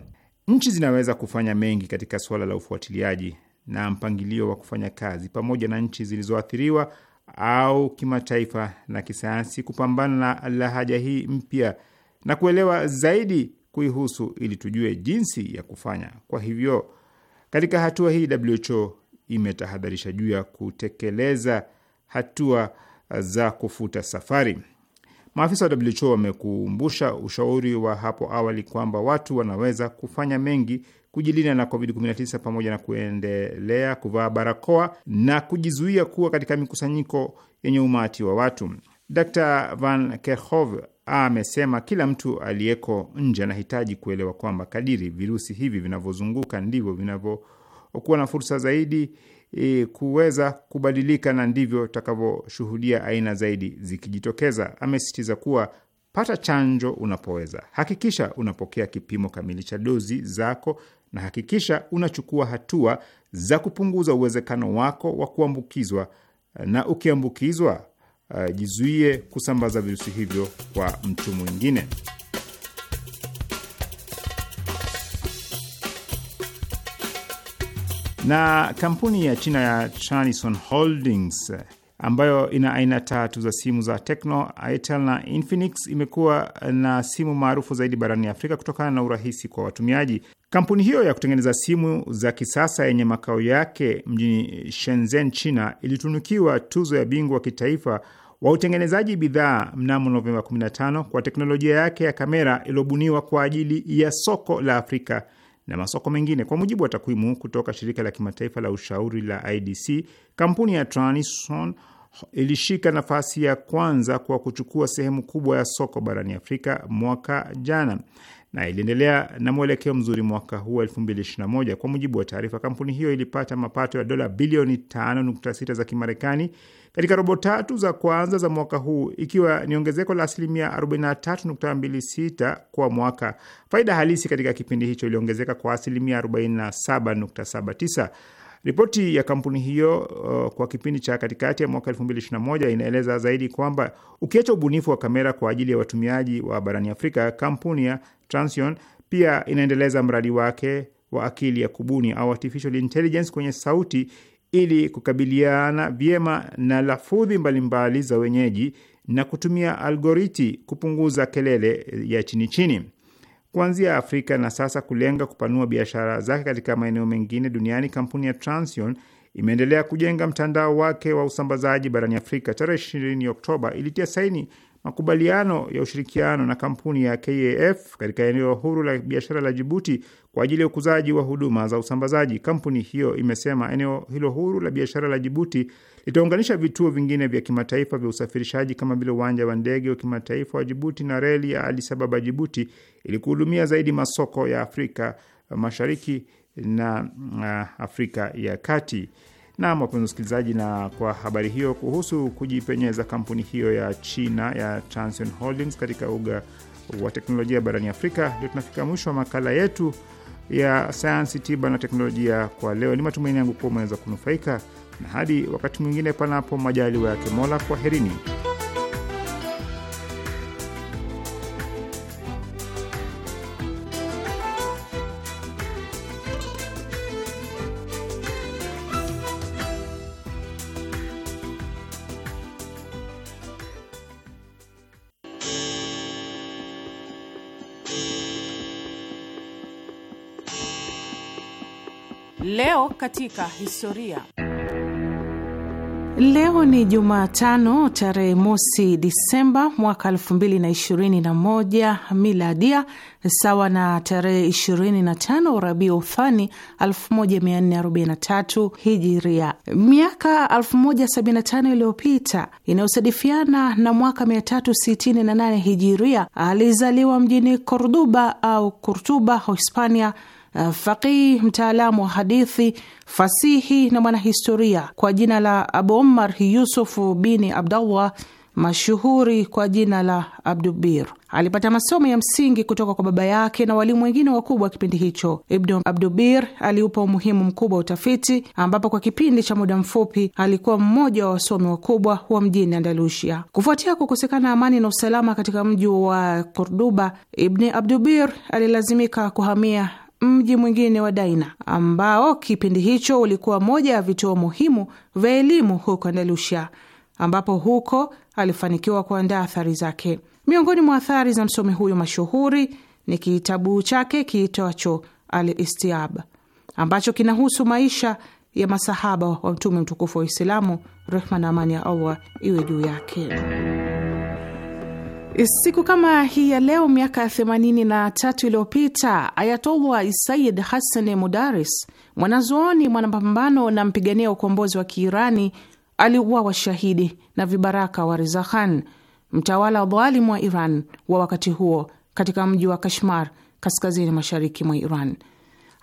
nchi zinaweza kufanya mengi katika suala la ufuatiliaji na mpangilio wa kufanya kazi pamoja na nchi zilizoathiriwa au kimataifa na kisayansi kupambana na lahaja hii mpya na kuelewa zaidi kuihusu ili tujue jinsi ya kufanya. Kwa hivyo, katika hatua hii WHO imetahadharisha juu ya kutekeleza hatua za kufuta safari. Maafisa wa WHO wamekumbusha ushauri wa hapo awali kwamba watu wanaweza kufanya mengi kujilinda na COVID-19 pamoja na kuendelea kuvaa barakoa na kujizuia kuwa katika mikusanyiko yenye umati wa watu. Dr Van Kerkhove amesema kila mtu aliyeko nje anahitaji kuelewa kwamba kadiri virusi hivi vinavyozunguka ndivyo vinavyokuwa na fursa zaidi e, kuweza kubadilika na ndivyo takavyoshuhudia aina zaidi zikijitokeza. Amesisitiza kuwa pata chanjo unapoweza, hakikisha unapokea kipimo kamili cha dozi zako na hakikisha unachukua hatua za kupunguza uwezekano wako wa kuambukizwa, na ukiambukizwa, uh, jizuie kusambaza virusi hivyo kwa mtu mwingine. na kampuni ya China ya Transsion Holdings ambayo ina aina tatu za simu za Tecno, Itel na Infinix imekuwa na simu maarufu zaidi barani Afrika kutokana na urahisi kwa watumiaji. Kampuni hiyo ya kutengeneza simu za kisasa yenye makao yake mjini Shenzhen, China, ilitunukiwa tuzo ya bingwa wa kitaifa wa utengenezaji bidhaa mnamo Novemba 15 kwa teknolojia yake ya kamera iliyobuniwa kwa ajili ya soko la Afrika na masoko mengine. Kwa mujibu wa takwimu kutoka shirika la kimataifa la ushauri la IDC, kampuni ya Transon ilishika nafasi ya kwanza kwa kuchukua sehemu kubwa ya soko barani Afrika mwaka jana na iliendelea na mwelekeo mzuri mwaka huu 2021. Kwa mujibu wa taarifa, kampuni hiyo ilipata mapato ya dola bilioni 5.6 za Kimarekani katika robo tatu za kwanza za mwaka huu, ikiwa ni ongezeko la asilimia 43.26 kwa mwaka. Faida halisi katika kipindi hicho iliongezeka kwa asilimia 47.79. Ripoti ya kampuni hiyo uh, kwa kipindi cha katikati ya mwaka 2021 inaeleza zaidi kwamba ukiacha ubunifu wa kamera kwa ajili ya watumiaji wa barani Afrika, kampuni ya Transion pia inaendeleza mradi wake wa akili ya kubuni au artificial intelligence kwenye sauti ili kukabiliana vyema na lafudhi mbalimbali za wenyeji na kutumia algoriti kupunguza kelele ya chini chini kuanzia Afrika na sasa kulenga kupanua biashara zake katika maeneo mengine duniani. Kampuni ya Transion imeendelea kujenga mtandao wake wa usambazaji barani Afrika. Tarehe 20 Oktoba ilitia saini makubaliano ya ushirikiano na kampuni ya KAF katika eneo huru la biashara la Jibuti kwa ajili ya ukuzaji wa huduma za usambazaji. Kampuni hiyo imesema eneo hilo huru la biashara la Jibuti litaunganisha vituo vingine vya kimataifa vya usafirishaji kama vile uwanja wa ndege wa kimataifa wa Jibuti na reli ya Addis Ababa Jibuti ili kuhudumia zaidi masoko ya Afrika Mashariki na uh, Afrika ya Kati. Naam, wapenzi wasikilizaji, na kwa habari hiyo kuhusu kujipenyeza kampuni hiyo ya China ya Transsion Holdings katika uga wa teknolojia barani Afrika, ndio tunafika mwisho wa makala yetu ya sayansi, tiba na teknolojia kwa leo. Ni matumaini yangu kuwa umeweza kunufaika, na hadi wakati mwingine, panapo majaliwa yake Mola, kwaherini. Leo katika historia. Leo ni Jumatano tarehe mosi Disemba mwaka 2021 miladia, sawa na tarehe 25 Rabiu Uthani 1443 Hijiria. Miaka 175 iliyopita inayosadifiana na mwaka 368 Hijiria, alizaliwa mjini Korduba au Kurtuba, Hispania Uh, faqihi, mtaalamu wa hadithi, fasihi na mwanahistoria kwa jina la Abu umar Yusufu bini Abdallah mashuhuri kwa jina la Abdubir. Alipata masomo ya msingi kutoka kwa baba yake na walimu wengine wakubwa wa kipindi hicho. ibnu Abdubir aliupa umuhimu mkubwa wa utafiti, ambapo kwa kipindi cha muda mfupi alikuwa mmoja wa wasomi wakubwa wa mjini Andalusia. Kufuatia kukosekana amani na usalama katika mji wa Korduba, Ibni Abdubir alilazimika kuhamia mji mwingine wa Daina ambao kipindi hicho ulikuwa moja ya vituo muhimu vya elimu huko Andalusia, ambapo huko alifanikiwa kuandaa athari zake. Miongoni mwa athari za msomi huyo mashuhuri ni kitabu chake kiitwacho Al-Istiab ambacho kinahusu maisha ya masahaba wa Mtume mtukufu wa Uislamu, rehma na amani ya Allah iwe juu yake. E, siku kama hii ya leo miaka 83 iliyopita Ayatollah Sayyid Hassan Mudaris, mwanazuoni mwanapambano na mpigania ukombozi wa Kiirani, aliuawa washahidi na vibaraka wa Reza Khan, mtawala dhalimu wa Iran wa wakati huo, katika mji wa Kashmar, kaskazini mashariki mwa Iran.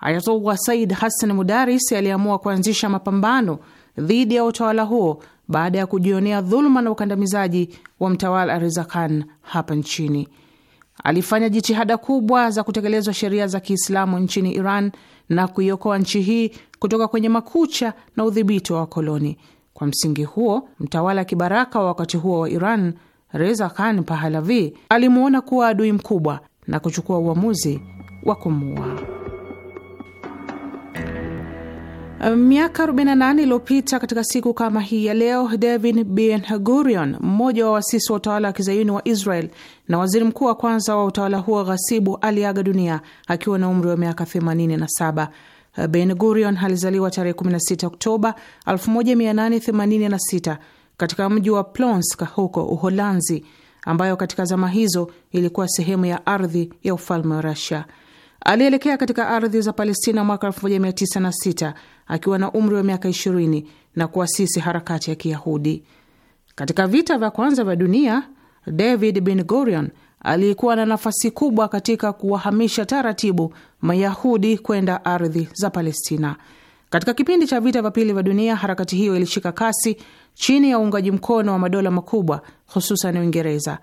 Ayatollah Sayyid Hassan Mudaris aliamua kuanzisha mapambano dhidi ya utawala huo baada ya kujionea dhuluma na ukandamizaji wa mtawala Reza Khan hapa nchini. Alifanya jitihada kubwa za kutekelezwa sheria za Kiislamu nchini Iran na kuiokoa nchi hii kutoka kwenye makucha na udhibiti wa wakoloni. Kwa msingi huo, mtawala kibaraka wa wakati huo wa Iran, Reza Khan Pahalavi, alimwona kuwa adui mkubwa na kuchukua uamuzi wa kumuua. Uh, miaka 48 iliyopita katika siku kama hii ya leo, David Ben Gurion, mmoja wa wasisi wa utawala wa kizayuni wa Israel na waziri mkuu wa kwanza wa utawala huo ghasibu, aliaga dunia akiwa na umri wa miaka 87. Uh, ben Gurion alizaliwa tarehe 16 Oktoba 1886 katika mji wa Plonsk huko Uholanzi, ambayo katika zama hizo ilikuwa sehemu ya ardhi ya ufalme wa Rusia. Alielekea katika ardhi za Palestina mwaka 1906 akiwa na umri wa miaka 20 na kuasisi harakati ya Kiyahudi. Katika vita vya kwanza vya dunia, David Ben Gurion alikuwa na nafasi kubwa katika kuwahamisha taratibu Mayahudi kwenda ardhi za Palestina. Katika kipindi cha vita vya pili vya dunia, harakati hiyo ilishika kasi chini ya uungaji mkono wa madola makubwa, hususan Uingereza,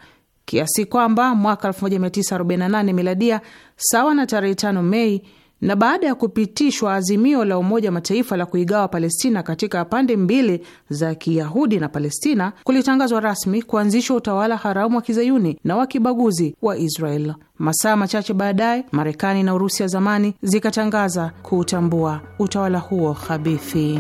kiasi kwamba mwaka 1948 miladia sawa na tarehe 5 Mei, na baada ya kupitishwa azimio la Umoja wa Mataifa la kuigawa Palestina katika pande mbili za Kiyahudi na Palestina, kulitangazwa rasmi kuanzishwa utawala haramu wa kizayuni na wa kibaguzi wa Israel. Masaa machache baadaye, Marekani na Urusi ya zamani zikatangaza kuutambua utawala huo habithi.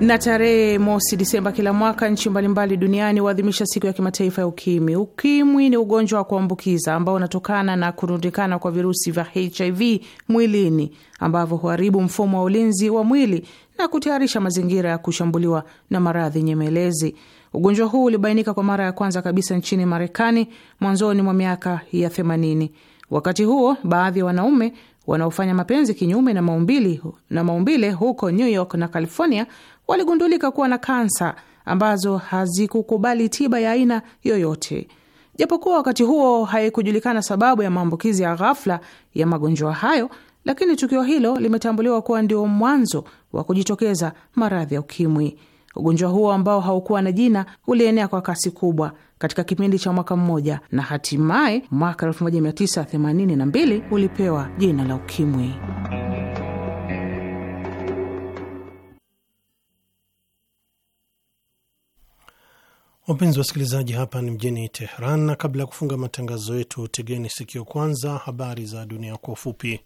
Na tarehe mosi Disemba kila mwaka nchi mbalimbali duniani huadhimisha siku ya kimataifa ya ukimwi. Ukimwi ni ugonjwa wa kuambukiza ambao unatokana na kurundikana kwa virusi vya HIV mwilini ambavyo huharibu mfumo wa ulinzi wa mwili na kutayarisha mazingira ya kushambuliwa na maradhi nyemelezi. Ugonjwa huu ulibainika kwa mara ya kwanza kabisa nchini Marekani mwanzoni mwa miaka ya themanini. Wakati huo baadhi ya wanaume wanaofanya mapenzi kinyume na maumbile, na maumbile huko New York na California waligundulika kuwa na kansa ambazo hazikukubali tiba ya aina yoyote. Japokuwa wakati huo haikujulikana sababu ya maambukizi ya ghafla ya magonjwa hayo, lakini tukio hilo limetambuliwa kuwa ndio mwanzo wa kujitokeza maradhi ya ukimwi. Ugonjwa huo ambao haukuwa na jina ulienea kwa kasi kubwa katika kipindi cha mwaka mmoja na hatimaye mwaka 1982 ulipewa jina la ukimwi. Wapenzi wasikilizaji, hapa ni mjini Teheran, na kabla ya kufunga matangazo yetu, tegeni sikio kwanza habari za dunia kwa ufupi.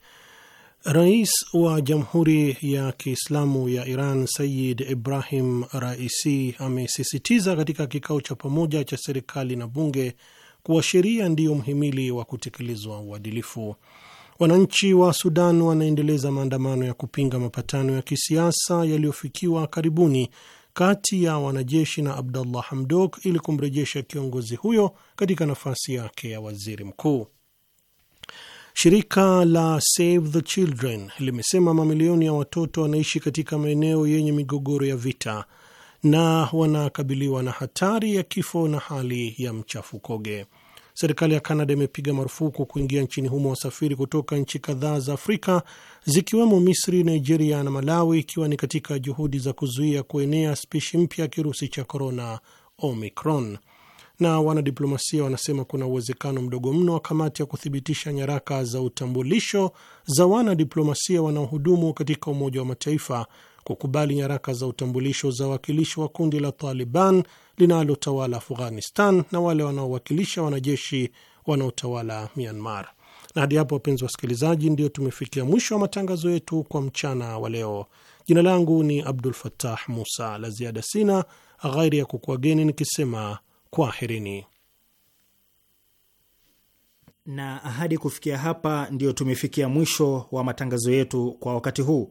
Rais wa Jamhuri ya Kiislamu ya Iran Sayid Ibrahim Raisi amesisitiza katika kikao cha pamoja cha serikali na bunge kuwa sheria ndiyo mhimili wa kutekelezwa uadilifu. Wananchi wa Sudan wanaendeleza maandamano ya kupinga mapatano ya kisiasa yaliyofikiwa karibuni kati ya wanajeshi na abdullah Hamdok ili kumrejesha kiongozi huyo katika nafasi yake ya waziri mkuu. Shirika la Save the Children limesema mamilioni ya watoto wanaishi katika maeneo yenye migogoro ya vita na wanakabiliwa na hatari ya kifo na hali ya mchafukoge. Serikali ya Kanada imepiga marufuku kuingia nchini humo wasafiri kutoka nchi kadhaa za Afrika zikiwemo Misri, Nigeria na Malawi, ikiwa ni katika juhudi za kuzuia kuenea spishi mpya ya kirusi cha korona Omicron. Na wanadiplomasia wanasema kuna uwezekano mdogo mno wa kamati ya kuthibitisha nyaraka za utambulisho za wanadiplomasia wanaohudumu katika Umoja wa Mataifa kukubali nyaraka za utambulisho za wakilishi wa kundi la Taliban linalotawala Afghanistan na wale wanaowakilisha wanajeshi wanaotawala Myanmar. Na hadi hapo, wapenzi wasikilizaji, ndio tumefikia mwisho wa matangazo yetu kwa mchana wa leo. Jina langu ni Abdul fatah Musa. La ziada sina ghairi ya kukuageni nikisema kwaherini na ahadi. Kufikia hapa, ndio tumefikia mwisho wa matangazo yetu kwa wakati huu.